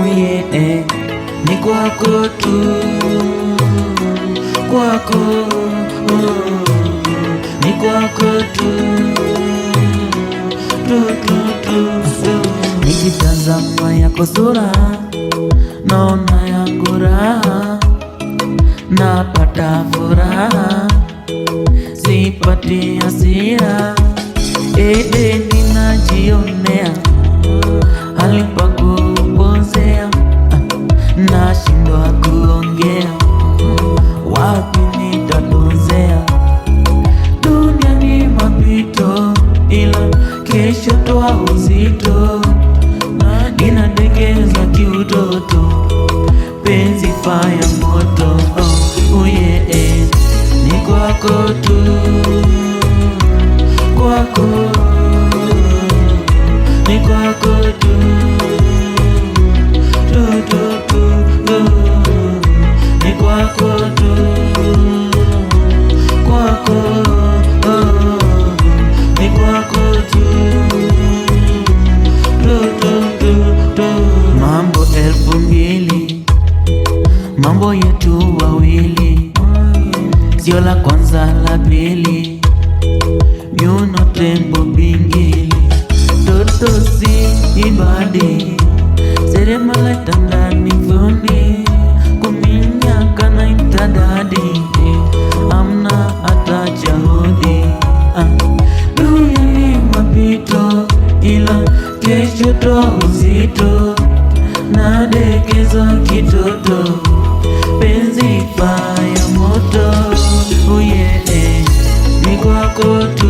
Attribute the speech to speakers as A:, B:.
A: mwenyewe ni kwako tu, kwako oh, ni kwako tu, tu, tu, tu. Nikitazama yako sura naona yangu raha, napata furaha, sipati hasira eh, eh. kiuto, nina ndege za kiutoto, penzi faya moto, oh, uye eh, ni kwako tu, kwako, ni kwako tu mambo elfu mbili mambo yetu wawili, sio la kwanza la pili, miuno tembo bingili toto si ibadi seremala tandani vundi kuminya na itadadi joto uzito na dekeza kitoto penzi paya moto uye eh, ni kwako tu